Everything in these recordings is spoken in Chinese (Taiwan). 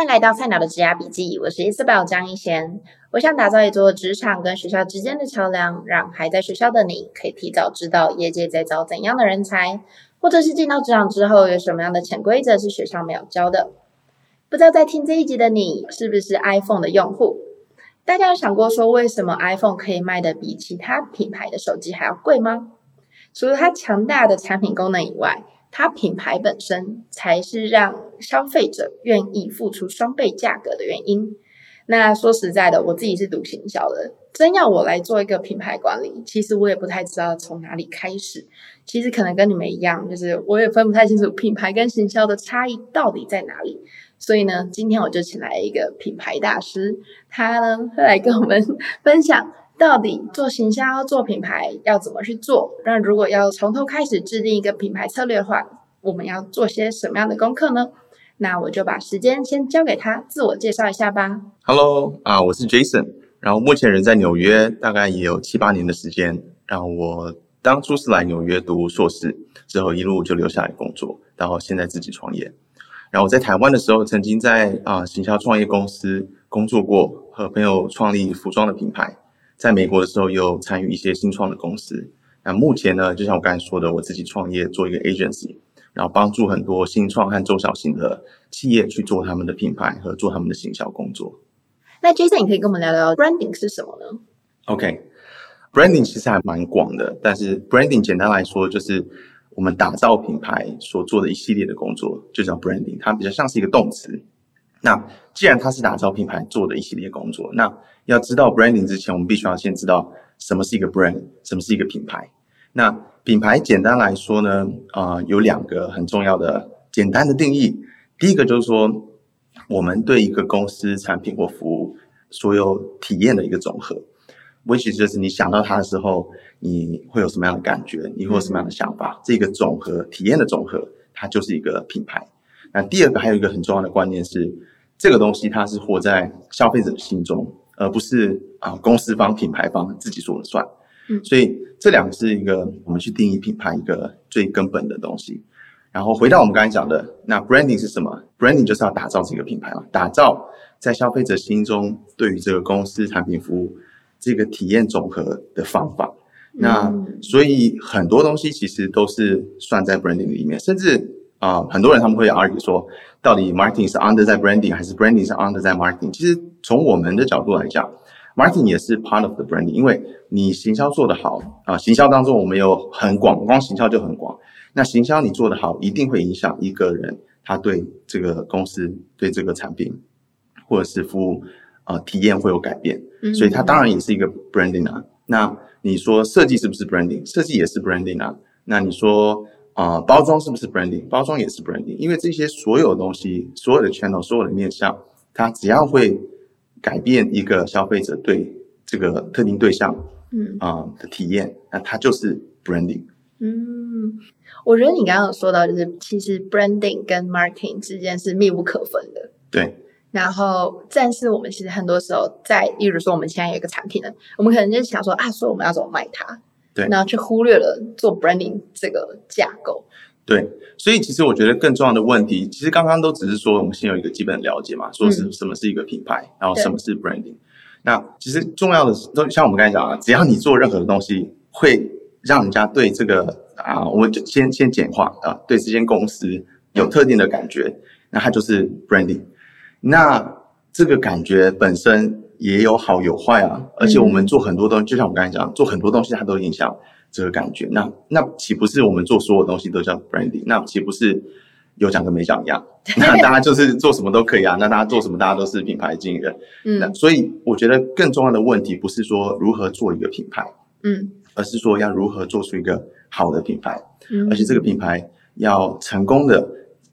歡迎來到菜鳥的職涯筆記，我是 Isabel 江一賢。我想打造一座職場跟學校之間的橋樑，讓還在學校的你可以提早知道業界在招怎樣的人才，或者是進到職場之後有什麼樣的潛規則是學校沒有教的。不知道在聽這一集的你是不是 iPhone 的用戶？大家有想過說，為什麼 iPhone 可以賣得比其他品牌的手機還要貴嗎？除了它強大的產品功能以外，它品牌本身才是讓消費者願意付出雙倍價格的原因。那說實在的，我自己是讀行銷的，真要我來做一個品牌管理，其實我也不太知道從哪裡開始。其實可能跟你們一樣，就是我也分不太清楚品牌跟行銷的差異到底在哪裡。所以呢，今天我就請來一個品牌大師，他呢會來跟我們分享。到底做行銷、做品牌要怎麼去做？那如果要從頭開始制定一個品牌策略的話，我們要做些什麼樣的功課呢？那我就把時間先交給他，自我介紹一下吧。Hello，啊，我是 Jason，然後目前人在紐約，大概也有七八年的時間。然後我當初是來紐約讀碩士，之後一路就留下來工作，然後現在自己創業。然後我在台灣的時候，曾經在啊行銷創業公司工作過，和朋友創立服裝的品牌，在美國的時候，有參與一些新創的公司。那目前呢，就像我剛才說的，我自己創業做一個 agency，然後幫助很多新創和中小型的企業去做他們的品牌和做他們的行銷工作。那 Jason，你可以跟我們聊聊 branding 是什麼呢？OK，branding，okay, 其實還蠻廣的，但是 branding 簡單來說，就是我們打造品牌所做的一系列的工作，就叫 branding。它比較像是一個動詞。那既然它是打造品牌做的一系列工作，那要知道 branding 之前，我們必須要先知道什麼是一個 brand，什麼是一個品牌。那品牌簡單來說呢，啊、呃，有兩個很重要的簡單的定義。第一個就是說，我們對一個公司、產品或服務所有體驗的一個總和，which 就是你想到它的時候，你會有什麼樣的感覺，你會有什麼樣的想法，嗯、這個總和體驗的總和，它就是一個品牌。那第二個還有一個很重要的觀念是，這個東西它是活在消費者心中。而不是啊，公司方、品牌方自己說了算。嗯，所以這兩個是一個我們去定義品牌一個最根本的東西。然後回到我們剛才講的，那 branding 是什麼？branding 就是要打造這個品牌嘛，啊，打造在消費者心中對於這個公司產品服務這個體驗總和的方法。嗯，那所以很多東西其實都是算在 branding 裡面，甚至。啊，uh, 很多人他們會 argue 說，到底 marketing 是 under 在 branding 還是 branding 是 under 在 marketing？其實從我們的角度來講，marketing 也是 part of the branding，因為你行銷做得好啊、呃，行銷當中我們有很廣，光行銷就很廣。那行銷你做得好，一定會影響一個人，他對這個公司、對這個產品或者是服務啊、呃、體驗會有改變，嗯嗯，所以他當然也是一個 branding 啊。那你說設計是不是 branding？設計也是 branding 啊。那你說，啊，包裝是不是 branding？包裝也是 branding，因為這些所有東西、所有的 channel、所有的面向，它只要會改變一個消費者對這個特定對象，嗯啊、呃、的體驗，那它就是 branding。嗯，我覺得你剛剛有說到，就是其實 branding 跟 marketing 之間是密不可分的。對。然後，但是我們其實很多時候，在，例如說，我們現在有一個產品呢，我們可能就想說啊，說我們要怎麼賣它？對，然後去忽略了做 branding 這個架構。對，所以其實我覺得更重要的問題，其實剛剛都只是說我們先有一個基本了解嘛，嗯、說是什麼是一個品牌，然後什麼是 branding。對那其實重要的，像我們剛才講啊，只要你做任何的東西，嗯、會讓人家對這個啊，我就先先簡化啊，對這間公司有特定的感覺，嗯、那它就是 branding。那這個感覺本身。也有好有壞啊，而且我們做很多東西，嗯、就像我剛才講，做很多東西它都影響這個感覺。那那豈不是我們做所有東西都叫 branding？那豈不是有講跟沒講一樣？ 那大家就是做什麼都可以啊，那大家做什麼大家都是品牌經營人。嗯，那所以我覺得更重要的問題不是說如何做一個品牌，嗯，而是說要如何做出一個好的品牌。嗯，而且這個品牌要成功的，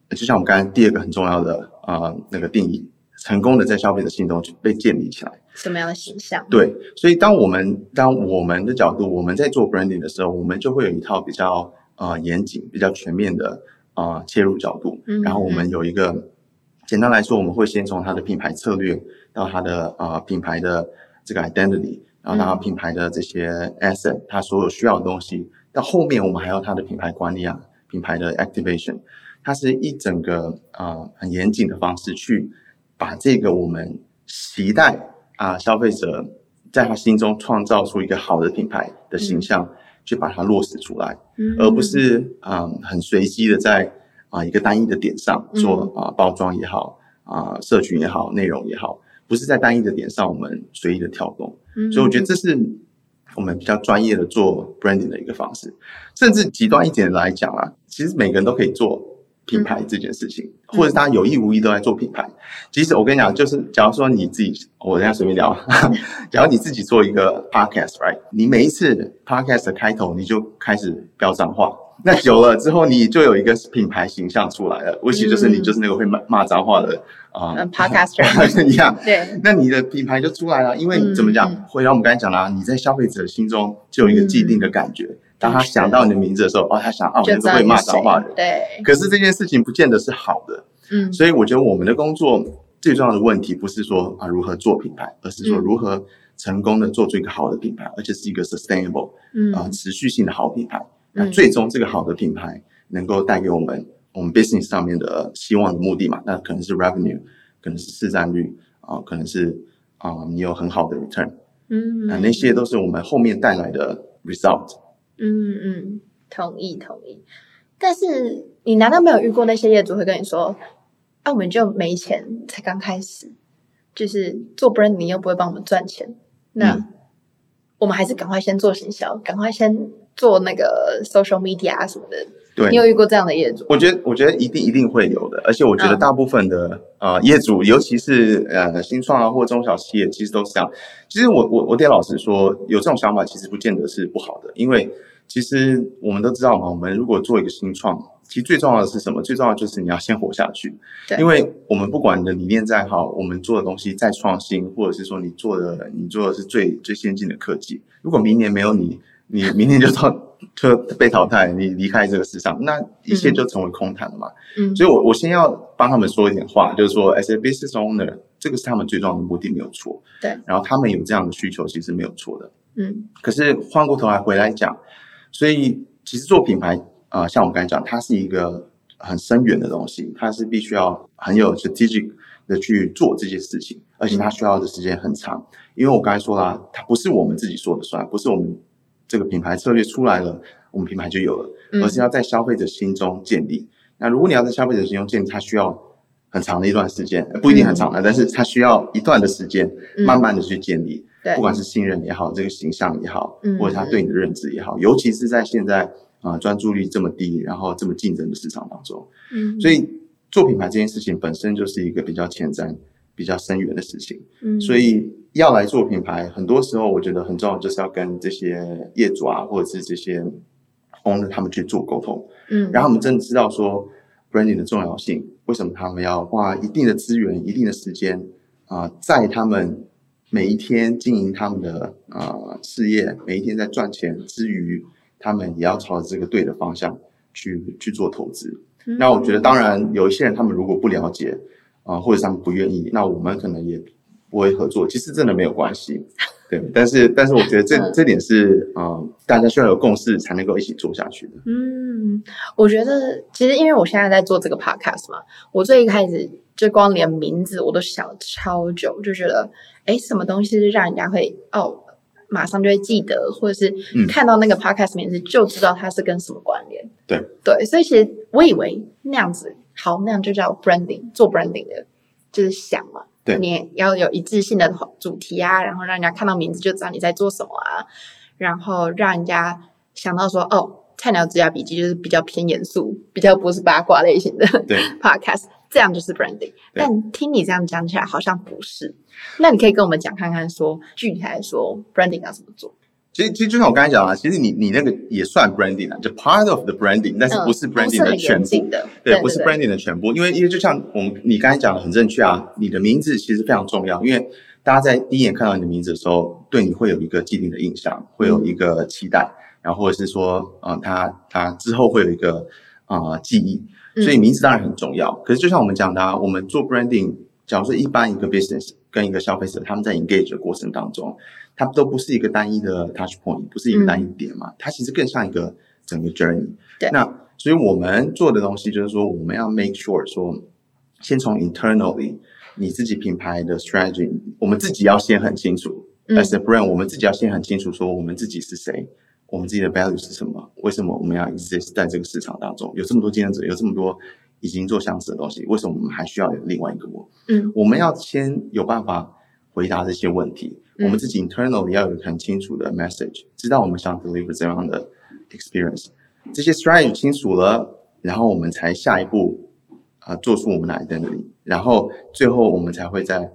就像我們剛才第二個很重要的啊、呃、那個定義。成功的在消費者心中被建立起來，什麼樣的形象？對，所以當我們當我們的角度，我們在做 branding 的時候，我們就會有一套比較呃嚴謹、比較全面的呃切入角度。然後我們有一個、嗯、簡單來說，我們會先從他的品牌策略到他的呃品牌的這個 identity，然後到他品牌的這些 asset，他、嗯、所有需要的東西。到後面我們還有他的品牌管理啊，品牌的 activation，它是一整個呃很嚴謹的方式去。把這個我們期待啊，消費者在他心中創造出一個好的品牌的形象，去把它落實出來，而不是啊、呃、很隨機的在啊、呃、一個單一的點上做啊包裝也好啊社群也好，內容也好，不是在單一的點上我們隨意的跳動。所以我覺得這是我們比較專業的做 branding 的一個方式，甚至極端一點來講啊，其實每個人都可以做品牌這件事情，或者是他有意無意都在做品牌。其實、嗯、我跟你講，就是假如說你自己，我等下隨便聊。假如你自己做一個 podcast，right？你每一次 podcast 的開頭，你就開始飆髒話，那久了之後，你就有一個品牌形象出來了。我、嗯、尤其就是你，就是那個會罵，罵髒話的啊，podcaster 一樣。對，那你的品牌就出來了，因為怎麼講？嗯、回到我們剛才講的，你在消費者心中就有一個既定的感覺。嗯嗯當他想到你的名字的時候，哦，他想啊，我就會罵髒話的。對。可是這件事情不見得是好的。嗯。所以我覺得我們的工作最重要的問題不是說啊、呃、如何做品牌，而是說如何成功的做出一個好的品牌，嗯、而且是一個 sustainable，嗯啊、呃、持續性的好品牌。那、嗯、最終這個好的品牌能夠帶給我們、嗯、我們 business 上面的希望的目的嘛？那可能是 revenue，可能是市占率啊、呃，可能是啊、呃、你有很好的 return。嗯，嗯。啊，那，那些都是我們後面帶來的 result。嗯嗯，同意同意。但是你難道沒有遇過那些業主會跟你說：“啊，我們就沒錢，才剛開始，就是做 branding 又不會幫我們賺錢，那我們還是趕快先做行銷，趕快先做那個 social media 啊什麼的。”對你有遇過這樣的業主？我覺得，我覺得一定一定會有的。而且，我覺得大部分的啊、嗯呃、業主，尤其是呃新創啊或中小企業，其實都是這樣。其實我，我我我得老實說，有這種想法其實不見得是不好的，因為其實我們都知道嘛，我們如果做一個新創，其實最重要的是什麼？最重要的就是你要先活下去。對因為我們不管你的理念再好，我們做的東西再創新，或者是說你做的你做的是最最先進的科技，如果明年沒有你，你明年就倒。 就被淘汰，你離開這個市場，那一切就成為空談了嘛。嗯哼，所以我，我我先要幫他們說一點話，嗯、就是說 As a business owner，這個是他們最重要的目的，沒有錯。對。然後他們有這樣的需求，其實沒有錯的。嗯。可是換過頭來回來講，所以其實做品牌啊、呃，像我剛才講，它是一個很深遠的東西，它是必須要很有 strategic 的去做這些事情，嗯、而且它需要的時間很長。因為我剛才說了，它不是我們自己說的算，不是我們。這個品牌策略出來了，我們品牌就有了，而是要在消費者心中建立。嗯、那如果你要在消費者心中建立，它需要很長的一段時間，不一定很長、嗯、但是它需要一段的時間，慢慢的去建立。嗯、對、不管是信任也好，這個形象也好，或者他對你的認知也好，嗯、尤其是在現在啊呃、專注力這麼低，然後這麼競爭的市場當中，嗯、所以做品牌這件事情本身就是一個比較前瞻、比較深遠的事情，嗯、所以。要來做品牌，很多時候我覺得很重要，就是要跟這些業主啊，或者是這些，owner 他們去做溝通，嗯，然後我們真的知道說，branding 的重要性，為什麼他們要花一定的資源、一定的時間啊、呃，在他們每一天經營他們的啊、呃、事業，每一天在賺錢之餘，他們也要朝着這個對的方向去去做投資。嗯、那我覺得，當然有一些人他們如果不了解啊、呃，或者是他們不願意，那我們可能也。不會合作，其實真的沒有關係，對。但是，但是我覺得這這點是嗯、呃、大家需要有共識才能夠一起做下去的。嗯，我覺得其實因為我現在在做這個 podcast 嘛，我最一開始就光連名字我都想了超久，就覺得哎，什麼東西讓人家會哦，馬上就會記得，或者是看到那個 podcast 名字就知道它是跟什麼關聯。嗯、對對，所以其實我以為那樣子好，那樣就叫 branding，做 branding 的就是想嘛。對你要有一致性的主題啊，然後讓人家看到名字，就知道你在做什麼啊，然後讓人家想到說，哦，菜鳥之家筆記就是比較偏嚴肅，比較不是八卦類型的 podcast，對 podcast，這樣就是 branding 對。但聽你這樣講起來好像不是，那你可以跟我們講看看說，具體來說 branding 要怎麼做？其實，其實就像我剛才講啊，其實你你那個也算 branding，、啊、就 part of the branding，但是不是 branding 的全部。呃、對，對對對。不是 branding 的全部，因為因為就像我們你剛才講的很正確啊，你的名字其實非常重要，因為大家在第一眼看到你的名字的時候，對你會有一個既定的印象，嗯、會有一個期待，然後或者是說，呃、嗯，他他之後會有一個啊、呃、記憶。所以名字當然很重要，嗯、可是就像我們講的、啊，我們做 branding，假如說一般一個 business 跟一個消費者，他們在 engage 的過程當中。它都不是一個單一的 touch point，不是一個單一點嘛？嗯、它其實更像一個整個 journey。對，那所以我們做的東西就是說，我們要 make sure 說，先從 internally 你自己品牌的 strategy，我們自己要先很清楚己 as a brand，我們自己要先很清楚說，我們自己是誰，嗯、我們自己的 value 是什麼？為什麼我們要 exist 在這個市場當中？有這麼多競爭者，有這麼多已經做相似的東西，為什麼我們還需要有另外一個我？嗯，我們要先有辦法回答這些問題。我們自己 internal 要有個很清楚的 message，知道我們想 deliver 怎樣的 experience，這些 strategy 清楚了，然後我們才下一步啊、呃，做出我們的 identity，然後最後我們才會在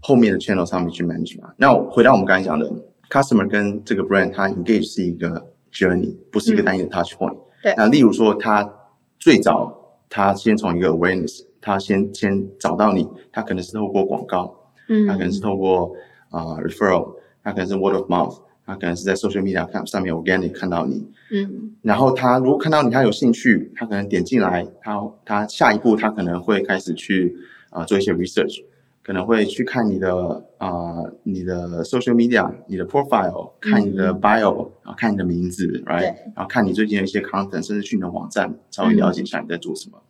後面的 channel 上面去 manage 嘛。那回到我們剛才講的，customer、嗯、跟這個 brand 它 engage 是一個 journey，不是一個單一的 touch point。對、嗯。那例如說，他最早他先從一個 awareness，他先先找到你，他可能是透過廣告，嗯，他可能是透過。啊、uh, referral，他可能是 word of mouth，他可能是在 social media 上上面 organic 看到你，嗯，然後他如果看到你他有興趣，他可能點進來，他他下一步他可能會開始去啊、呃、做一些 research，可能會去看你的啊、呃、你的 social media，你的 profile，看你的 bio，、嗯、然後看你的名字，right？對然後看你最近的一些 content，甚至去你的網站稍微了解一下你在做什麼。嗯。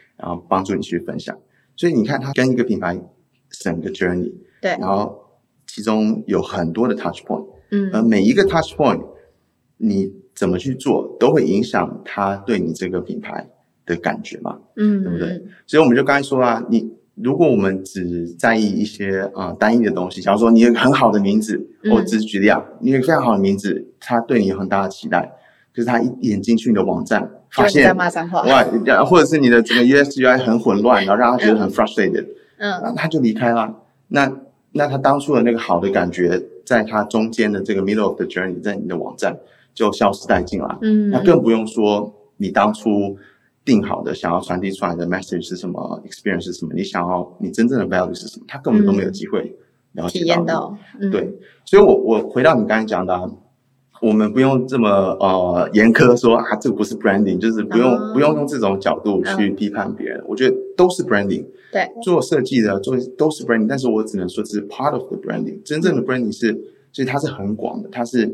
然後幫助你去分享，所以你看，他跟一個品牌整個 journey，對，然後其中有很多的 touch point，嗯，而每一個 touch point，你怎麼去做，都會影響他對你這個品牌的感覺嘛，嗯，對不對？所以我們就剛才說啊，你如果我們只在意一些啊、呃、單一的東西，假如說你有個很好的名字，我、嗯哦、只是舉例啊，你有個非常好的名字，他對你有很大的期待。就是他一眼進去你的網站，發現哇，或者是你的整個 USUI 很混亂， 然後讓他覺得很 frustrated，嗯，嗯然後他就離開了。那那他當初的那個好的感覺，在他中間的這個 middle of the journey，在你的網站就消失殆盡了。嗯，那更不用說你當初定好的、嗯、想要傳遞出來的 message 是什麼，experience 是什麼，你想要你真正的 value 是什麼，他根本都沒有機會了解到。嗯、體驗到、嗯、對，所以我我回到你剛才講的、啊。我們不用這麼呃嚴苛說啊，這不是 branding，就是不用、uh huh. 不用用這種角度去批判別人。Uh huh. 我覺得都是 branding，對、uh huh. 做設計的做都是 branding，但是我只能說是 part of the branding。真正的 branding 是，所以它是很廣的，它是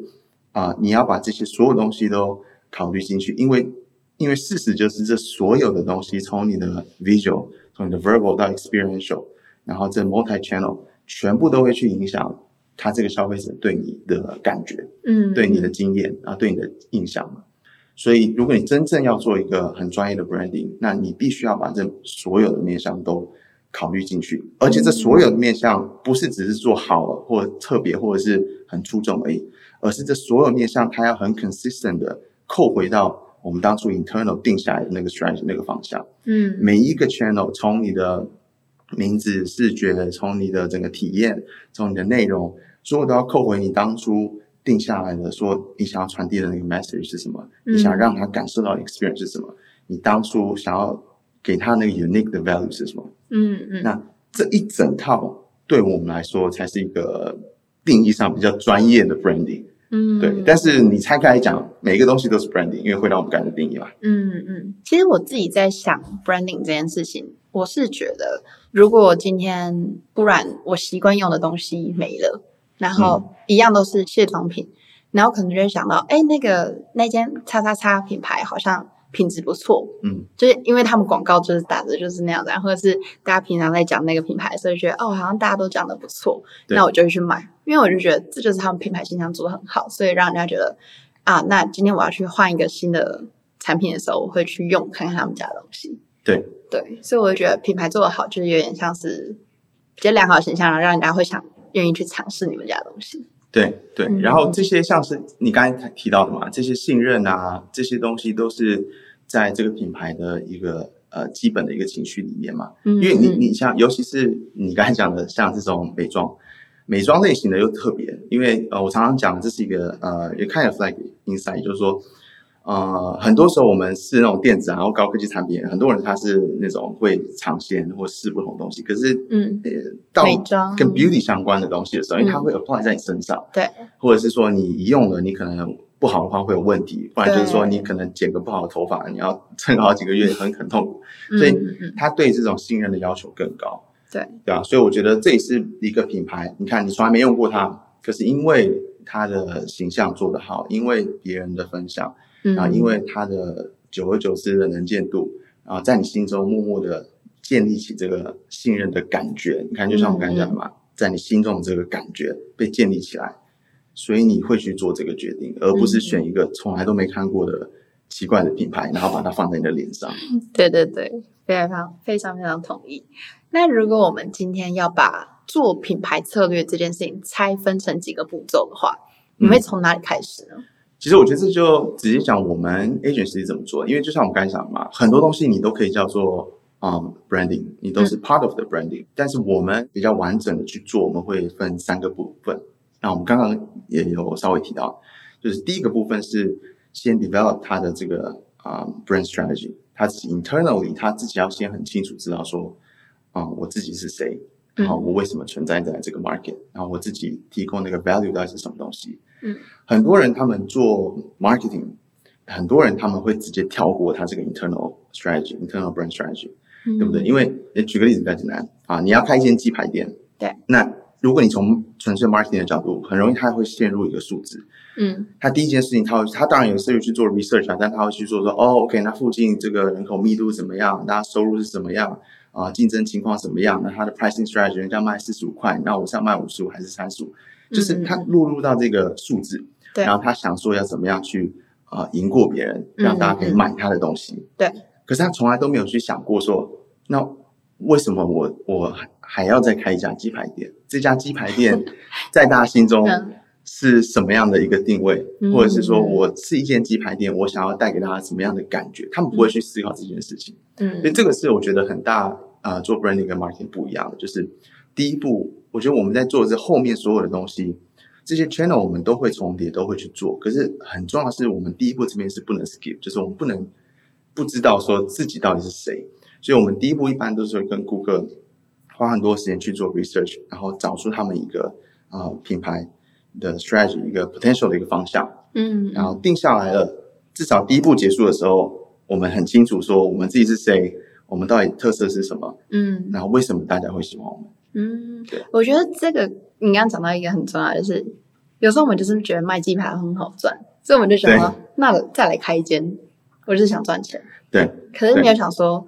啊、呃，你要把這些所有東西都考慮進去，因為因為事實就是這所有的東西，從你的 visual，從你的 verbal 到 experiential，然後這 multi-channel 全部都會去影響。他這個消費者對你的感覺，嗯，對你的經驗啊，對你的印象嘛。所以，如果你真正要做一個很專業的 branding，那你必須要把這所有的面向都考慮進去。而且，這所有的面向不是只是做好了、嗯、或特別，或者是很出眾而已，而是這所有面向它要很 consistent 的扣回到我們當初 internal 定下來的那個 strategy 那個方向。嗯，每一個 channel 從你的名字、視覺，從你的整個體驗，從你的內容。所有都要扣回你當初定下來的，說你想要傳遞的那個 message 是什麼？嗯、你想讓他感受到 experience 是什麼？你當初想要給他那個 unique 的 value 是什麼？嗯嗯。嗯，那這一整套對我們來說才是一個定義上比較專業的 branding。嗯。對，但是你拆開來講，每個東西都是 branding，因為會讓我們感覺定義嘛。嗯嗯。其實我自己在想 branding 這件事情，我是覺得如果今天不然我習慣用的東西沒了，然後一樣都是卸妝品，嗯、然後可能就會想到，哎，那個那間叉叉叉品牌好像品質不錯，嗯，就是因為他們廣告就是打的就是那樣子，或者是大家平常在講那個品牌，所以覺得哦，好像大家都講的不錯，對那我就會去買，因為我就覺得這就是他們品牌形象做的很好，所以讓人家覺得啊，那今天我要去換一個新的產品的時候，我會去用看看他們家的東西，對對，所以我就覺得品牌做的好，就是有點像是比較良好的形象，然後讓人家會想。願意去嘗試你們家東西，對對，然後這些像是你剛才提到的嘛，嗯、這些信任啊，這些東西都是在這個品牌的一個呃基本的一個情緒裡面嘛，因為你你像尤其是你剛才講的像這種美妝，美妝類型的又特別，因為呃我常常講這是一個呃也 kind of like inside，也就是說。呃，很多時候我們是那種電子、啊，然後高科技產品，很多人他是那種會嘗鮮或試不同的東西。可是，嗯，到跟 beauty、嗯、相關的東西的時候，嗯、因為它會放在你身上，對，或者是說你一用了，你可能不好的話會有問題，對不然就是說你可能剪個不好的頭髮，你要撐好幾個月很，很很痛苦，嗯、所以他對這種信任的要求更高，對，對吧、啊？所以我覺得這也是一個品牌，你看你從來沒用過它，可是因為它的形象做得好，因為別人的分享。啊，然後因為它的久而久之的能見度，啊，在你心中默默的建立起這個信任的感覺。你看，就像我剛才講的嘛，在你心中的這個感覺被建立起來，所以你會去做這個決定，而不是選一個從來都沒看過的奇怪的品牌，然後把它放在你的臉上。 對對對，非常非常非常同意。那如果我們今天要把做品牌策略這件事情拆分成幾個步驟的話，你會從哪裡開始呢？嗯其實我覺得這就直接講我們 agency 怎麼做，因為就像我們剛才講的嘛，很多東西你都可以叫做啊、um, branding，你都是 part of the branding、嗯。但是我們比較完整的去做，我們會分三個部分。那我們剛剛也有稍微提到，就是第一個部分是先 develop 他的這個啊、um, brand strategy，他是 internally 他自己要先很清楚知道說啊、嗯、我自己是誰，然後我為什麼存在在這個 market，然後我自己提供那個 value 到底是什麼東西。很多人他們做 marketing，很多人他們會直接跳過他這個 internal strategy，internal brand strategy，、嗯、對不對？因為舉個例子比較簡單啊，你要開一間雞排店，對、嗯，那如果你從純粹 marketing 的角度，很容易他會陷入一個數字，嗯，他第一件事情他會，他當然有資源去做 research 啊，但他會去說說，哦，OK，那附近這個人口密度怎麼樣？那收入是怎麼樣啊？競爭情況怎麼樣？那他的 pricing strategy 人家賣四十五塊，那我是要賣五十五還是三十五？就是他落入到這個數字，嗯、對，然後他想說要怎麼樣去啊贏、呃、過別人，讓大家可以買他的東西。嗯嗯、對，可是他從來都沒有去想過說，那為什麼我我還要再開一家雞排店？這家雞排店在大家心中是什麼樣的一個定位？或者是說我是一間雞排店，我想要帶給大家什麼樣的感覺？他們不會去思考這件事情。嗯，所以這個是我覺得很大啊、呃，做 branding 跟 marketing 不一樣的，就是第一步。我覺得我們在做這後面所有的東西，這些 channel 我們都會重疊，都會去做。可是很重要的是，我們第一步這邊是不能 skip，就是我們不能不知道說自己到底是誰。所以，我們第一步一般都是會跟顧客花很多時間去做 research，然後找出他們一個啊、呃、品牌的 strategy 一個 potential 的一個方向。嗯。然後定下來了，至少第一步結束的時候，我們很清楚說我們自己是誰，我們到底特色是什麼。嗯。然後為什麼大家會喜歡我們？嗯，我覺得這個你剛剛講到一個很重要的、就是，的是有時候我們就是覺得賣雞排很好賺，所以我們就想說對那再來開一間，我就是想賺錢。對，可是你要想說，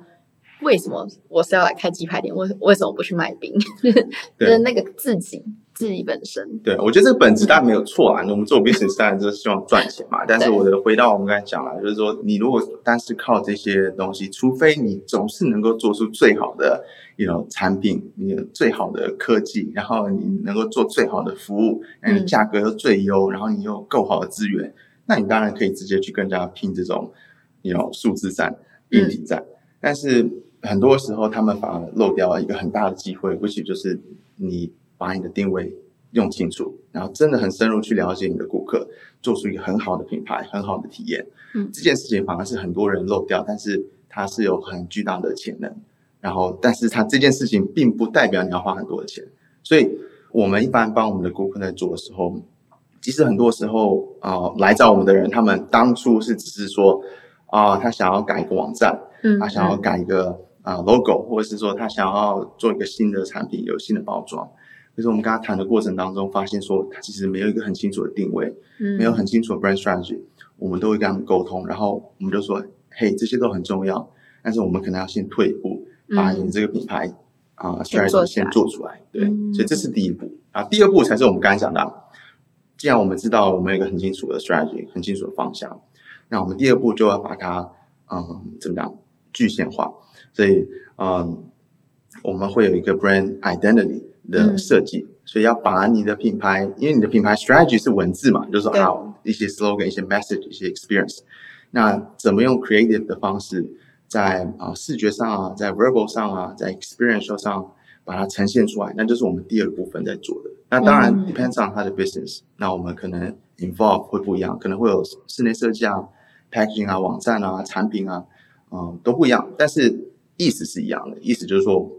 對為什麼我是要來開雞排店？為為什麼不去賣冰？ 就是那個自己。自己本身，對，我覺得這個本質當然沒有錯啊。嗯、我們做 business 當然就是希望賺錢嘛。 但是我的回到我們剛才講了，就是說對你如果單是靠這些東西，除非你總是能夠做出最好的一種 you know, 產品，你有最好的科技，然後你能夠做最好的服務，那、嗯、你價格又最優，然後你又夠好的資源，嗯、那你當然可以直接去跟人家拼這種，有 you know, 數字戰、硬體戰。嗯、但是很多時候他們反而漏掉了一個很大的機會，或許就是你。把你的定位用清楚，然後真的很深入去了解你的顧客，做出一個很好的品牌、很好的體驗。嗯，這件事情反而是很多人漏掉，但是它是有很巨大的潛能。然後，但是它這件事情並不代表你要花很多的錢。所以我們一般幫我們的顧客在做的時候，其實很多時候啊、呃，來找我們的人，他們當初是只是說啊、呃，他想要改一個網站，嗯，嗯，他想要改一個啊、呃、logo，或者是說他想要做一個新的產品，有新的包裝。就是我們跟他談的過程當中，發現說他其實沒有一個很清楚的定位，嗯、沒有很清楚的 brand strategy，我們都會跟他們溝通，然後我們就說，嘿，這些都很重要，但是我們可能要先退一步，把你這個品牌啊、呃、strategy 先做出來，對，所以這是第一步，啊，第二步才是我們剛剛講的，既然我們知道我們有一個很清楚的 strategy，很清楚的方向，那我們第二步就要把它嗯怎麼樣具現化，所以嗯我們會有一個 brand identity。的設計，嗯、所以要把你的品牌，因為你的品牌 strategy 是文字嘛，就是啊對一些 slogan、一些 message、一些 experience，那怎麼用 creative 的方式在啊、嗯呃、視覺上啊、在 verbal 上啊、在 experiential 上、上把它呈現出來，那就是我們第二部分在做的。那當然、嗯、depends on 它的 business，那我們可能 involve 會不一樣，可能會有室內設計啊、packaging 啊、網站啊、產品啊，嗯、呃、都不一樣，但是意思是一樣的，意思就是說。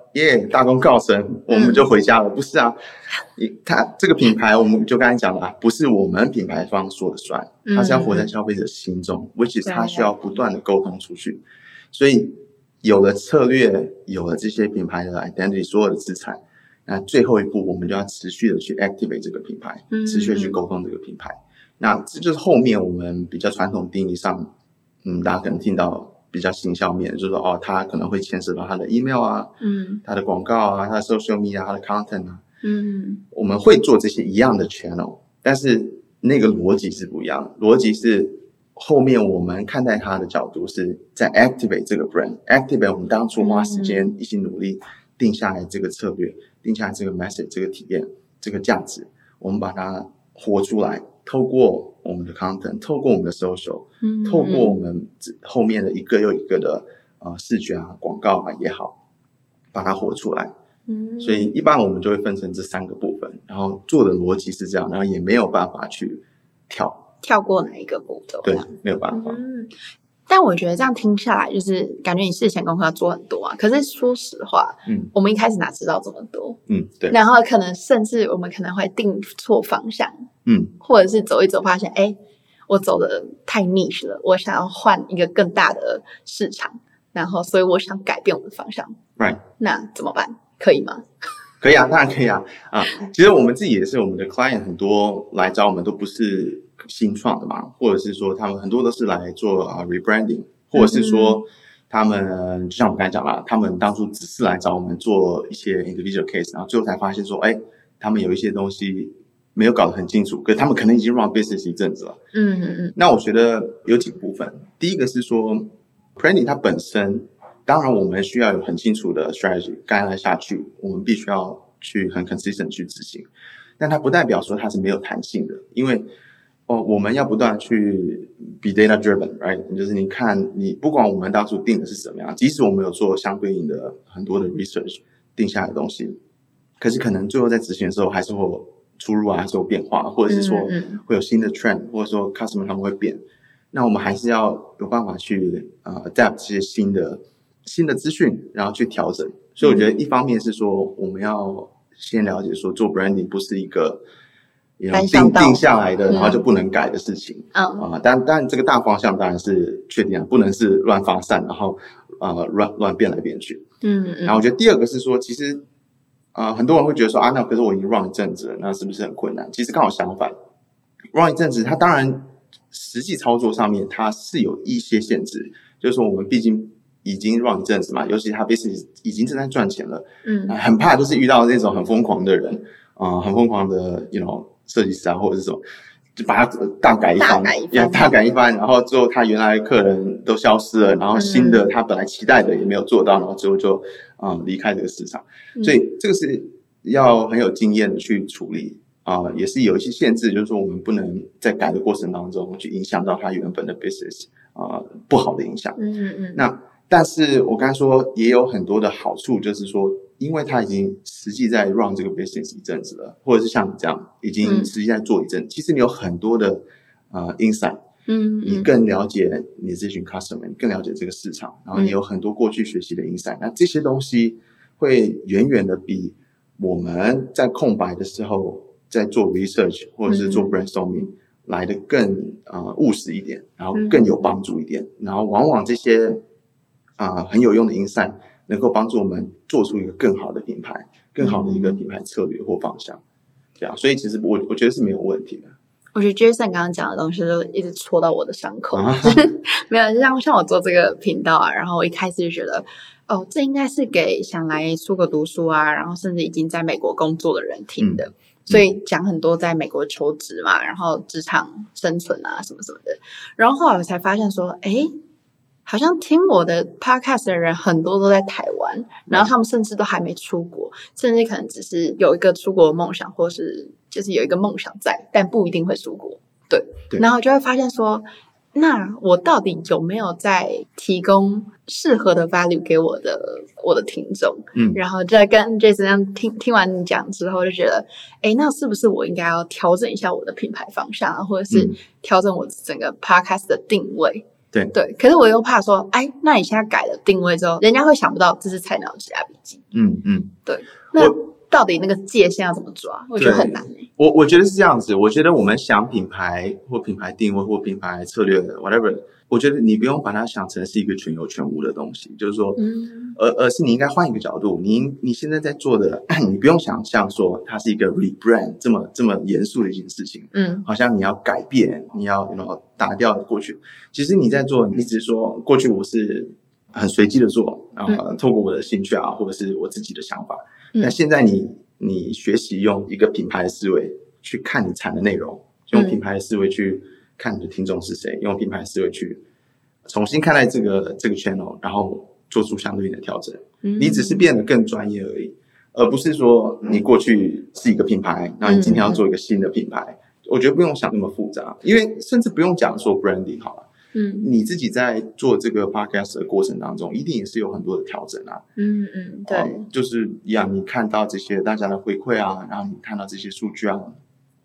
耶，yeah, 大功告成，我們就回家了。嗯、不是啊，你看這個品牌，我們就剛才講了啊，不是我們品牌方說了算，嗯、它是要活在消費者心中，而且 i 它需要不斷的溝通出去。嗯、所以有了策略，有了這些品牌的 identity，所有的資產，那最後一步，我們就要持續的去 activate 這個品牌，持續的去溝通這個品牌。嗯、那這就是後面我們比較傳統定義上，嗯，大家可能聽到比較形象面，就是說哦，他可能會牽涉到他的 email 啊，嗯，他的廣告啊，他的 social media，他的 content 啊，嗯，我們會做這些一樣的 channel，但是那個邏輯是不一樣的。邏輯是後面我們看待他的角度是在 activate 這個 brand，activate、嗯、我們當初花時間一起努力定下來這個策略，嗯、定下來這個 message、這個體驗、這個價值，我們把它活出來。透過我們的 content，透過我們的 social，、嗯、透過我們後面的一個又一個的、嗯呃、視覺啊、廣告啊也好，把它活出來，嗯、所以一般我們就會分成這三個部分，然後做的邏輯是這樣，然後也沒有辦法去跳跳過哪一個步驟，對，沒有辦法，嗯但我覺得這樣聽下來，就是感覺你事前功課要做很多啊。可是說實話，嗯，我們一開始哪知道這麼多，嗯，對。然後可能甚至我們可能會定錯方向，嗯，或者是走一走，發現哎，我走得太 niche 了，我想要換一個更大的市場，然後所以我想改變我們的方向，right？那怎麼辦？可以嗎？可以啊，當然可以啊， 啊，其實我們自己也是，我們的 client 很多來找我們都不是。新創的嘛，或者是說他們很多都是來做啊 rebranding，或者是說他們、嗯、像我剛才講了，他們當初只是來找我們做一些 individual case，然後最後才發現說，哎，他們有一些東西沒有搞得很清楚，可他們可能已經 run business 一陣子了。嗯嗯嗯。嗯，那我覺得有幾部分，第一個是說 branding 它本身，當然我們需要有很清楚的 strategy 幹了下去，我們必須要去很 consistent 去執行，但它不代表說它是沒有彈性的，因為哦，oh, 我們要不斷去 be data driven，right？就是你看，你不管我們當初定的是什麼樣，即使我們有做相對應的很多的 research 定下的東西，可是可能最後在執行的時候還是會出入啊，還是會有變化，或者是說會有新的 trend，Mm-hmm. 或者說 customer 他們會變，那我們還是要有辦法去呃 adapt 這些新的新的資訊，然後去調整。所以我覺得一方面是說，我們要先了解說做 branding 不是一個定定下來的，然後就不能改的事情。啊、嗯呃，但但這個大方向當然是確定了，不能是亂發散，然後啊亂亂變來變去。嗯，然後我覺得第二個是說，其實啊、呃，很多人會覺得說啊，那可是我已經 run 一陣子了，那是不是很困難？其實剛好相反，run 一陣子，它當然實際操作上面它是有一些限制，就是說我們畢竟已經 run 一陣子嘛，尤其它畢竟是已經正在賺錢了，嗯，很怕就是遇到那種很瘋狂的人，嗯、呃，很瘋狂的，you know。設計師啊，或者是什麼，就把它大改一番，大改一番，一番，對吧。然後之後他原來的客人都消失了，然後新的他本來期待的也沒有做到，嗯嗯然後之後就、嗯、離開這個市場，所以這個是要很有經驗的去處理啊、嗯呃，也是有一些限制，就是說我們不能在改的過程當中去影響到他原本的 business 啊、呃、不好的影響，嗯嗯嗯。那但是我剛才說也有很多的好處，就是說。因為他已經實際在 run 這個 business 一陣子了，或者是像你這樣已經實際在做一陣子，嗯、其實你有很多的呃 insight，嗯，嗯你更了解你這群 customer，你更了解這個市場，然後你有很多過去學習的 insight，、嗯、那這些東西會遠遠的比我們在空白的時候在做 research 或者是做 brainstorming、嗯、來的更啊、呃、務實一點，然後更有幫助一點，嗯、然後往往這些啊、呃、很有用的 insight。能夠幫助我們做出一個更好的品牌，更好的一個品牌策略或方向，這樣，所以其實我我覺得是沒有問題的。我覺得 Jason 剛剛講的東西就一直戳到我的傷口，啊、 沒有就像像我做這個頻道啊，然後我一開始就覺得哦，這應該是給想來出國讀書啊，然後甚至已經在美國工作的人聽的，嗯嗯、所以講很多在美國求職嘛，然後職場生存啊，什麼什麼的，然後後來我才發現說，哎。好像聽我的 podcast 的人很多都在台灣，對然後他們甚至都還沒出國，甚至可能只是有一個出國的夢想，或是就是有一個夢想在，但不一定會出國。對，對，然後就會發現說，那我到底有沒有在提供適合的 value 給我的我的聽眾？嗯，然後就在跟 Jason 聽聽完你講之後，就覺得，哎，那是不是我應該要調整一下我的品牌方向啊，或者是調整我整個 podcast 的定位？嗯對對，可是我又怕說，哎，那你現在改了定位之後，人家會想不到這是菜鳥的、啊、筆記、嗯。嗯嗯，對，那到底那個界限要怎麼抓？我，我覺得很難。我我覺得是這樣子，我覺得我們想品牌或品牌定位或品牌策略，whatever，我覺得你不用把它想成是一個全有全無的東西，就是說，嗯，而而是你應該換一個角度，你你現在在做的，你不用想象說它是一個 rebrand 這麼這麼嚴肅的一件事情，嗯，好像你要改變，你要然後打掉過去，其實你在做，嗯、你一直說過去我是很隨機的做，嗯、然後透過我的興趣啊，或者是我自己的想法，那、嗯、現在你。你學習用一個品牌的思維去看你產的內容，對用品牌的思維去看你的聽眾是誰，用品牌的思維去重新看待這個這個 channel，然後做出相對應的調整。嗯、你只是變得更專業而已，而不是說你過去是一個品牌，那、嗯、你今天要做一個新的品牌。嗯、我覺得不用想那麼複雜，因為甚至不用講說 branding 好了。嗯，你自己在做這個 podcast 的過程當中，一定也是有很多的調整啊。嗯嗯，對，啊、就是呀，你看到這些大家的回饋啊，然後你看到這些數據啊，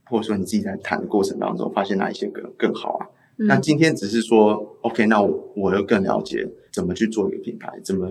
或者說你自己在談的過程當中，發現哪一些更更好啊？嗯、那今天只是說，OK，那我我又更了解怎麼去做一個品牌，怎麼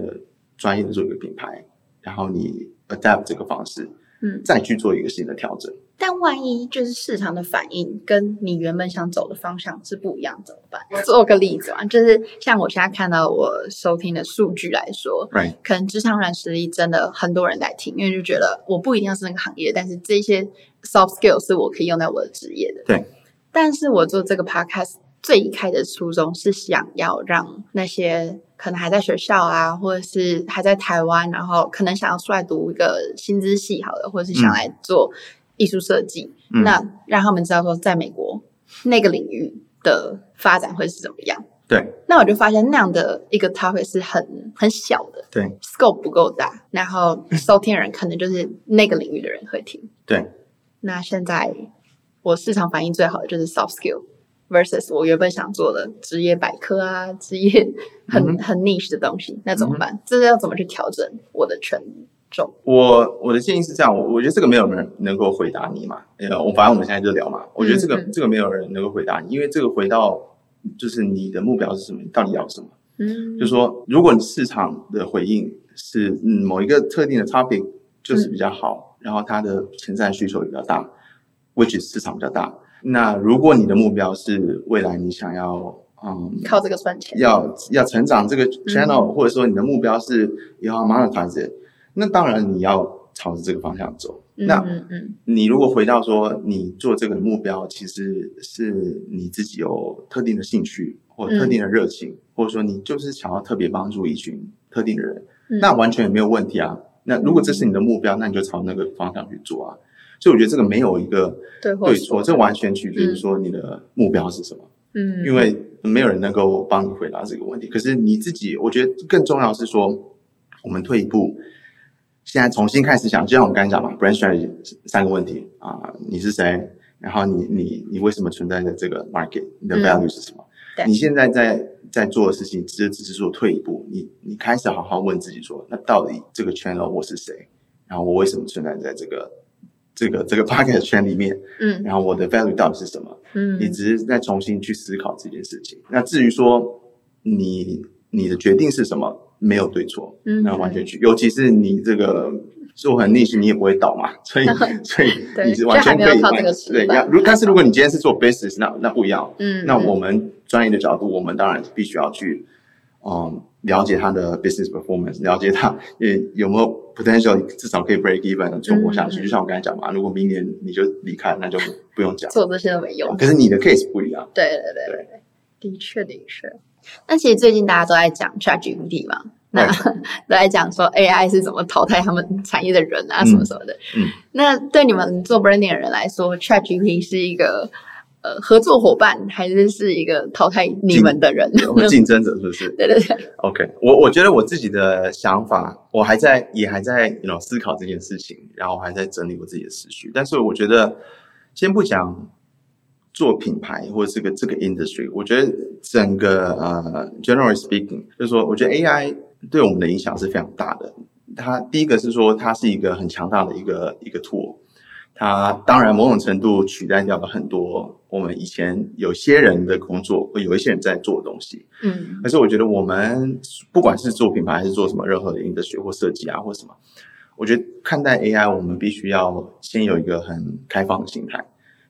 專業的做一個品牌，然後你 adapt 這個方式，嗯，再去做一個新的調整。但萬一就是市場的反應跟你原本想走的方向是不一樣，怎麼辦？我做個例子啊，就是像我現在看到我收聽的數據來說，Right. 可能職場軟實力真的很多人在聽，因為就覺得我不一定要是那個行業，但是這些 soft skills 是我可以用在我的職業的。對，但是我做這個 podcast 最開的初衷是想要讓那些可能還在學校啊，或者是還在台灣，然後可能想要出來讀一個薪資系好的，或者是想來做，嗯。藝術設計，嗯、那讓他們知道說，在美國那個領域的發展會是怎麼樣？對。那我就發現那樣的一個 topic 是很很小的，對，scope 不夠大，然後收聽人可能就是那個領域的人會聽。對。那現在我市場反應最好的就是 soft skill versus 我原本想做的職業百科啊，職業很、嗯、哼很 niche 的東西，那怎麼辦？嗯、哼這是要怎麼去調整我的權利？我我的建議是這樣，我我覺得這個沒有人能夠回答你嘛，呃、嗯，我反正我們現在就聊嘛。我覺得這個嗯嗯這個沒有人能夠回答你，因為這個回到就是你的目標是什麼？你到底要什麼？嗯，就是說，如果你市場的回應是嗯某一個特定的 topic 就是比較好，嗯、然後它的潛在需求也比較大，which 市場比較大，那如果你的目標是未來你想要嗯靠這個賺錢，要要成長這個 channel，、嗯、或者說你的目標是要 monetize it 那當然你要朝着這個方向走。嗯嗯嗯，那你如果回到說你做這個目標，其實是你自己有特定的興趣、嗯、或者特定的熱情，嗯、或者說你就是想要特別幫助一群特定的人，嗯、那完全沒有問題啊。嗯、那如果這是你的目標，嗯、那你就朝那個方向去做啊。所以我覺得這個沒有一個對錯，對這完全取決於說你的目標是什麼。嗯，因為沒有人能夠幫你回答這個問題。嗯、可是你自己，我覺得更重要是說，我們退一步。現在重新開始想，就像我剛剛講嘛、嗯、，brand strategy 三個問題啊，你是誰？然後你你你為什麼存在在這個 market？你的 value 是什麼？嗯、你現在在對在做的事情，只只是說退一步，你你開始好好問自己說，那到底這個 channel 我是誰？然後我為什麼存在在這個這個這個 market 圈裡面？嗯，然後我的 value 到底是什麼？嗯，你只是在重新去思考這件事情。那至於說你你的決定是什麼？沒有對錯，那完全去，mm hmm. 尤其是你這個做很 niche 你也不會倒嘛。所以，所以你是完全可以對。但是如果你今天是做 business，那那不一樣。嗯、mm，hmm. 那我們專業的角度，我們當然必須要去，嗯，了解他的 business performance，了解他有沒有 potential，至少可以 break even，存活下去。Mm hmm. 就像我剛才講嘛，如果明年你就離開，那就不用講。 做這些都沒用。可是你的 case 不一樣。嗯、對對對對對，的確的確。那其實最近大家都在講 ChatGPT 嘛，那都在講說 AI 是怎麼淘汰他們產業的人啊，什麼什麼的。嗯，嗯。那對你們做 branding 的人來說，ChatGPT 是一個呃合作夥伴，還是是一個淘汰你們的人？競爭者是不是？ 對對對。OK，我我覺得我自己的想法，我還在也還在 you know, 思考這件事情，然後還在整理我自己的思緒。但是我覺得先不講。做品牌或者是個這個這個 industry，我覺得整個呃，uh，general speaking，就是說，我覺得 AI 對我們的影響是非常大的。它第一個是說，它是一個很強大的一個一個 tool。它當然某種程度取代掉了很多我們以前有些人的工作，會有一些人在做的東西。嗯。可是我覺得我們不管是做品牌還是做什麼任何的 industry 或設計啊，或什麼，我覺得看待 AI，我們必須要先有一個很開放的心態，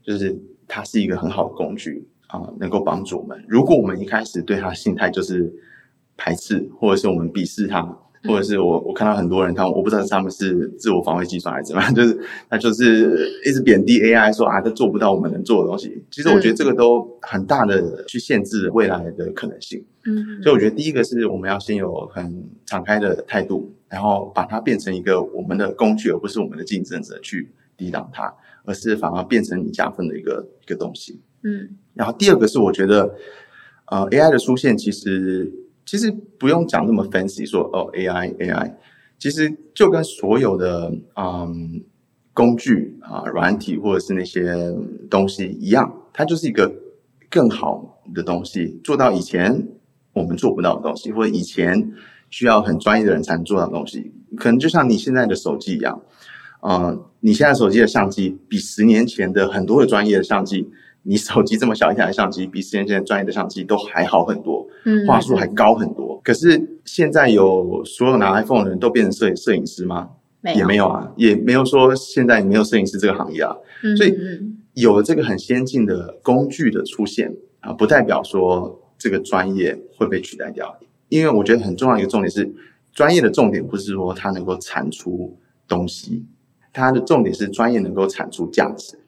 就是。它是一個很好的工具啊、呃，能夠幫助我們。如果我們一開始對它的心態就是排斥，或者是我們鄙視它，或者是我我看到很多人，他我不知道他們是自我防衛計算還是怎麼樣，就是他就是一直貶低 AI 說啊，它做不到我們能做的東西。其實我覺得這個都很大的去限制未來的可能性。嗯哼，所以我覺得第一個是我們要先有很敞開的態度，然後把它變成一個我們的工具，而不是我們的競爭者去抵擋它。而是反而變成你加分的一個一個東西，嗯。然後第二個是我覺得，呃，AI 的出現其實其實不用講那麼 fancy，說哦，AI AI，其實就跟所有的嗯工具啊、呃、軟體或者是那些東西一樣，它就是一個更好的東西，做到以前我們做不到的東西，或者以前需要很專業的人才能做到的東西，可能就像你現在的手機一樣。嗯，你現在手機的相機比十年前的很多的專業的相機，你手機這麼小一台相機，比十年前專業的相機都還好很多，畫質、嗯、還高很多。可是現在有所有拿 iPhone 的人都變成攝攝影師嗎？沒有也沒有啊，也沒有說現在沒有攝影師這個行業啊。嗯、所以有了這個很先進的工具的出現啊，不代表說這個專業會被取代掉。因為我覺得很重要一個重點是，專業的重點不是說它能夠產出東西。它的重點是專業能夠產出價值，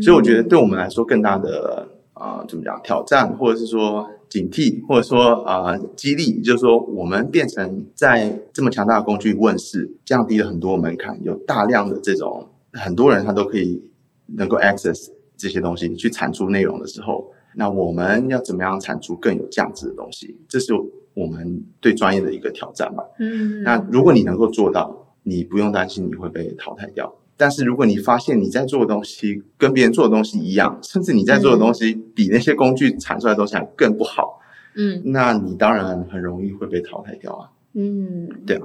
所以我覺得對我們來說更大的啊、嗯呃、怎麼講挑戰，或者是說警惕，或者說啊、呃、激勵，就是說我們變成在這麼強大的工具問世，降低了很多門檻，有大量的這種很多人他都可以能夠 access 這些東西，你去產出內容的時候，那我們要怎麼樣產出更有價值的東西？這是我們對專業的一個挑戰吧。嗯，那如果你能夠做到。你不用擔心你會被淘汰掉，但是如果你發現你在做的東西跟別人做的東西一樣，甚至你在做的東西比那些工具產出來的東西更不好，嗯，那你當然很容易會被淘汰掉啊，嗯，對啊。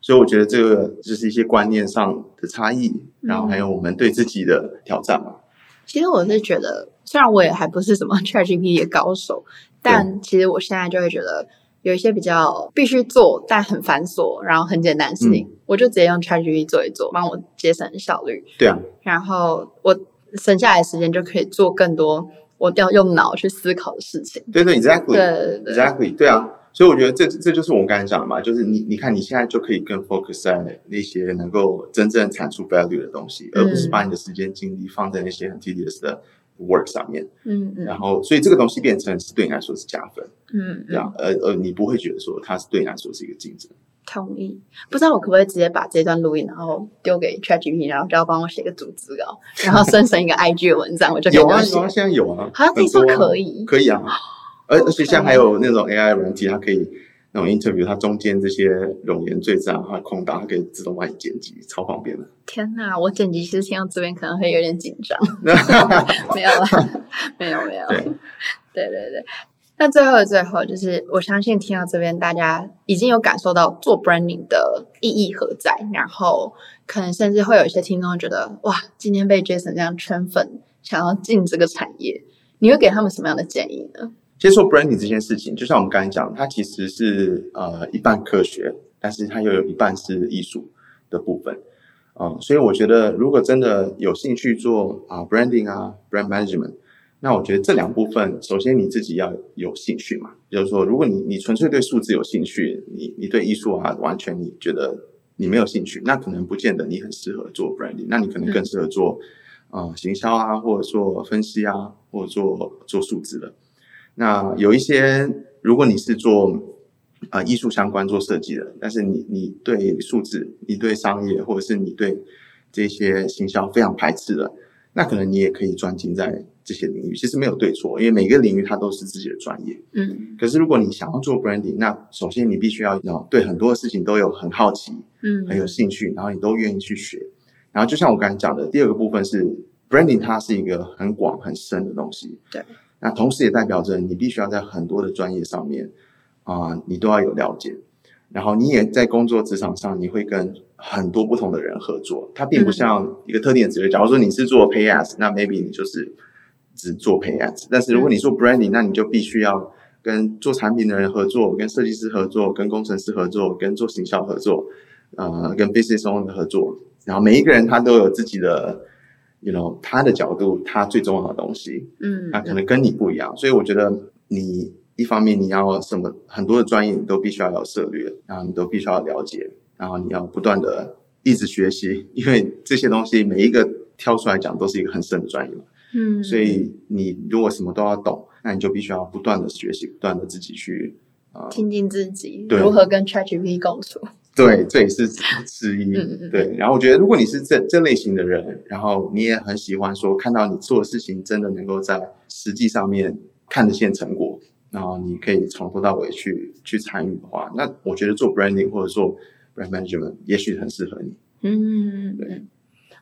所以我覺得這個就是一些觀念上的差異，然後還有我們對自己的挑戰嘛、啊嗯。其實我是覺得，雖然我也還不是什麼 ChatGPT 的高手，但其實我現在就會覺得。有一些比較必須做但很繁瑣，然後很簡單的事情，嗯、我就直接用 t r a g g d y 做一做，幫我節省效率。對啊，然後我省下來的時間就可以做更多我要用腦去思考的事情。對對，exactly，exactly，對啊。對，所以我覺得這這就是我剛才講的嘛，就是你你看你現在就可以更 focus on 那些能夠真正產出 value 的東西，嗯、而不是把你的時間精力放在那些很 tedious 的。work 上面，嗯嗯，然後所以這個東西變成是對你來說是加分，嗯嗯，呃呃，而而你不會覺得說它是對你來說是一個競爭。同意，不知道我可不可以直接把這段錄音，然後丟給 ChatGPT，然後只要幫我寫一個組織稿，啊，然後生成一個 IG 的文章， 我就有啊有啊，現在有啊，好像聽說可以，啊，可以啊，而 Okay. 而且像還有那種 AI 軟件，它可以。那種 interview 它中間這些冗言贅雜，它空檔，它可以自動幫你剪輯，超方便的。天吶、啊、我剪輯其實聽到這邊可能會有點緊張， 沒有啦，沒有沒有。對，對對對。那最後的最後，就是我相信聽到這邊大家已經有感受到做 branding 的意義何在，然後可能甚至會有一些聽眾覺得哇，今天被 Jason 這樣圈粉，想要進這個產業，你會給他們什麼樣的建議呢？接受 branding 這件事情，就像我們剛才講，它其實是呃一半科學，但是它又有一半是藝術的部分。嗯，所以我覺得如果真的有興趣做啊、呃、branding 啊 brand management，那我覺得這兩部分，首先你自己要有興趣嘛。就是說，如果你你純粹對數字有興趣，你你對藝術啊完全你覺得你沒有興趣，那可能不見得你很適合做 branding，那你可能更適合做啊、嗯呃、行銷啊，或者做分析啊，或者做做數字的。那有一些，如果你是做呃藝術相關做設計的，但是你你對數字、你對商業或者是你對這些行銷非常排斥的，那可能你也可以專精在這些領域。其實沒有對錯，因為每個領域它都是自己的專業。嗯。可是如果你想要做 branding，那首先你必須要要對很多事情都有很好奇，嗯，很有興趣，然後你都願意去學。然後就像我剛才講的，第二個部分是 branding，它是一個很廣很深的東西。對。那同時也代表着你必須要在很多的專業上面啊、呃，你都要有了解。然後你也在工作職場上，你會跟很多不同的人合作，它並不像一個特定的職位。假如說你是做 pay ads，那 maybe 你就是只做 pay ads。但是如果你做 branding，那你就必須要跟做產品的人合作，跟設計師合作，跟工程師合作，跟做行銷合作，呃，跟 business owner 合作。然後每一個人他都有自己的。You know 他的角度，他最重要的東西，嗯，那、啊、可能跟你不一樣。嗯、所以我覺得，你一方面你要什麼很多的專業，你都必須要有涉略，然、啊、後你都必須要了解，然後你要不斷的一直學習，因為這些東西每一個挑出來講，都是一個很深的專業嘛，嗯。所以你如果什麼都要懂，那你就必須要不斷的學習，不斷的自己去啊，聽聽自己，對如何跟 ChatGPT 共對，這也是之一。對，然後我覺得，如果你是這這類型的人，然後你也很喜歡說看到你做的事情真的能夠在實際上面看得見成果，然後你可以從頭到尾去去參與的話，那我覺得做 branding 或者做 brand management 也許很適合你。嗯，對。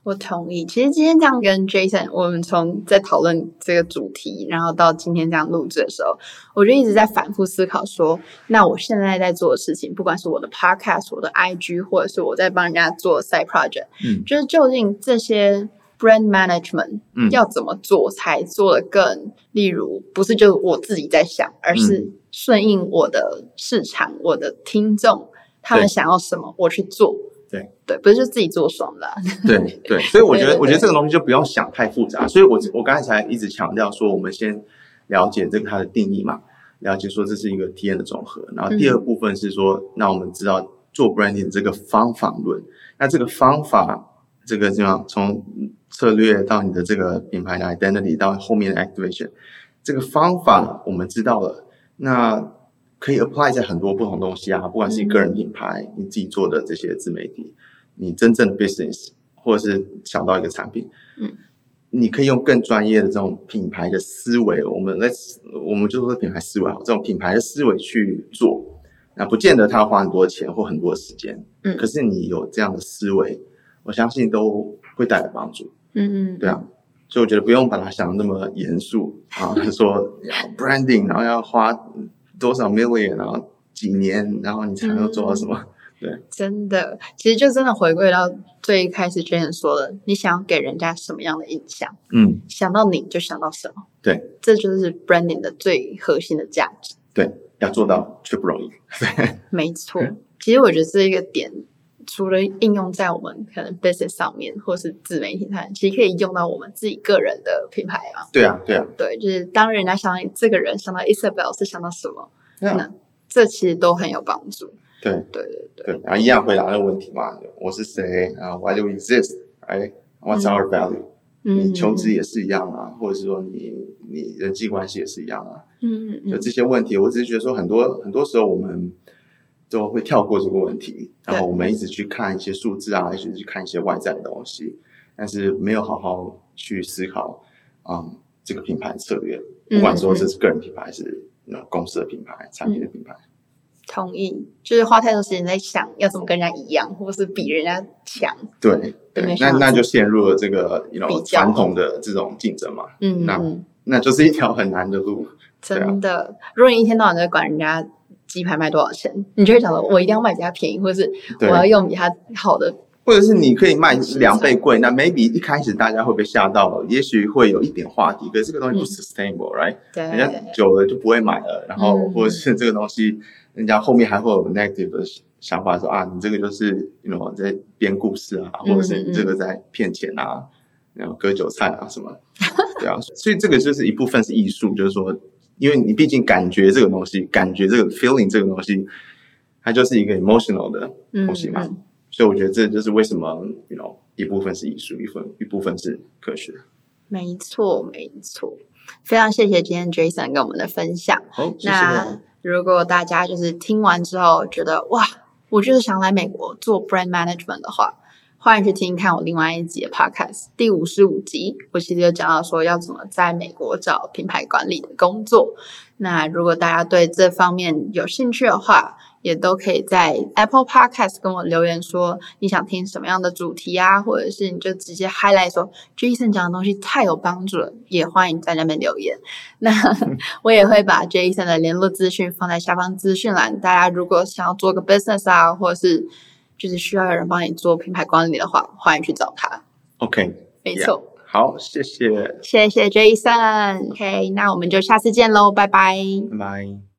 我同意。其實今天這樣跟 Jason，我們從在討論這個主題，然後到今天這樣錄製的時候，我就一直在反覆思考說：那我現在在做的事情，不管是我的 Podcast、我的 IG，或者是我在幫人家做 side project，嗯，就是究竟這些 brand management 要怎麼做才做得更，嗯、例如不是就我自己在想，而是順應我的市場、我的聽眾他們想要什麼，對我去做。對對，不是就自己做爽了，啊。對對，所以我覺得，對對對我覺得這個東西就不用想太複雜。所以我，我我剛才一直強調說，我們先了解這個它的定義嘛，了解說這是一個體驗的總和。然後第二部分是說，嗯、那我們知道做 branding 這個方法論，那這個方法這個地方從策略到你的這個品牌的 identity 到後面的 activation，這個方法呢我們知道了，那。可以 apply 在很多不同東西啊，不管是你個人品牌、你自己做的這些自媒體、你真正的 business，或者是想到一個產品，你可以用更專業的這種品牌的思維，我們 let's 我們就說品牌思維啊，這種品牌的思維去做，那不見得他要花很多錢或很多時間，可是你有這樣的思維，我相信都會帶來幫助，嗯嗯，對啊，所以我覺得不用把它想的那麼嚴肅啊，說 branding，然後要花多少 million，然後幾年，然後你才能做到什麼？嗯、對，真的，其實就真的回歸到最一開始 Jane 說的，你想要給人家什麼樣的印象？嗯，想到你就想到什麼？對，這就是 branding 的最核心的價值。對，要做到就不容易。對 ，沒錯。其實我覺得這一個點。除了應用在我們可能 business 上面，或是自媒體上，其實可以用到我們自己個人的品牌啊。對啊，對啊。對，就是當人家想到這個人想到 Isabelle 是想到什麼，那、啊、這其實都很有幫助。對，對對對。然後一樣回答那個問題嘛，我是誰啊？Why do we exist？哎，What's our value？、嗯、你求職也是一樣啊，或者是說你你人際關係也是一樣啊。嗯嗯嗯。就這些問題，我只是覺得說很多很多時候我們。都會跳過這個問題，然後我們一直去看一些數字啊，一直去看一些外在的東西，但是沒有好好去思考，嗯，這個品牌策略，不管說是個人品牌還是公司的品牌、產品的品牌，同意，就是花太多時間在想，要怎麼跟人家一樣，或是比人家強，對對，那那就陷入了這個比較傳統的這種競爭嘛，嗯，那那就是一條很難的路，真的，如果你一天到晚在管人家。雞排賣多少錢？你就會想到我一定要賣比他便宜，或者是我要用比他好的，或者是你可以賣兩倍貴。對那 maybe 一開始大家會被嚇到了，也許會有一點話題，可是這個東西不 sustainable，right？、嗯、對，人家久了就不會買了，然後或者是這個東西，人家後面還會有 negative 的想法說，說、嗯、啊，你這個就是你 know, 在編故事啊，或者是你這個在騙錢啊，然後割韭菜啊什麼。對啊， 所以這個就是一部分是藝術，就是說。因為你畢竟感覺這個東西，感覺這個 feeling 這個東西，它就是一個 emotional 的東西嘛，嗯嗯所以我覺得這就是為什麼，you know，一部分是藝術，一份一部分是科學。沒錯，沒錯。非常謝謝今天 Jason 跟我們的分享。好、oh, 那，謝謝。那如果大家就是聽完之後覺得哇，我就是想來美國做 brand management 的話。歡迎去聽看我另外一集的 Podcast 第五十五集，我其實就講到說要怎麼在美國找品牌管理的工作。那如果大家對這方面有興趣的話，也都可以在 Apple Podcast 跟我留言說你想聽什麼樣的主題啊，或者是你就直接 highlight 說 Jason 講的東西太有幫助了，也歡迎在那邊留言。那我也會把 Jason 的聯絡資訊放在下方資訊欄，大家如果想要做個 business 啊，或者是。就是需要有人幫你做品牌管理的話，歡迎去找他。OK，沒錯。Yeah. 好，謝謝，謝謝 Jason。OK，okay. 那我們就下次見嘍，拜拜。拜。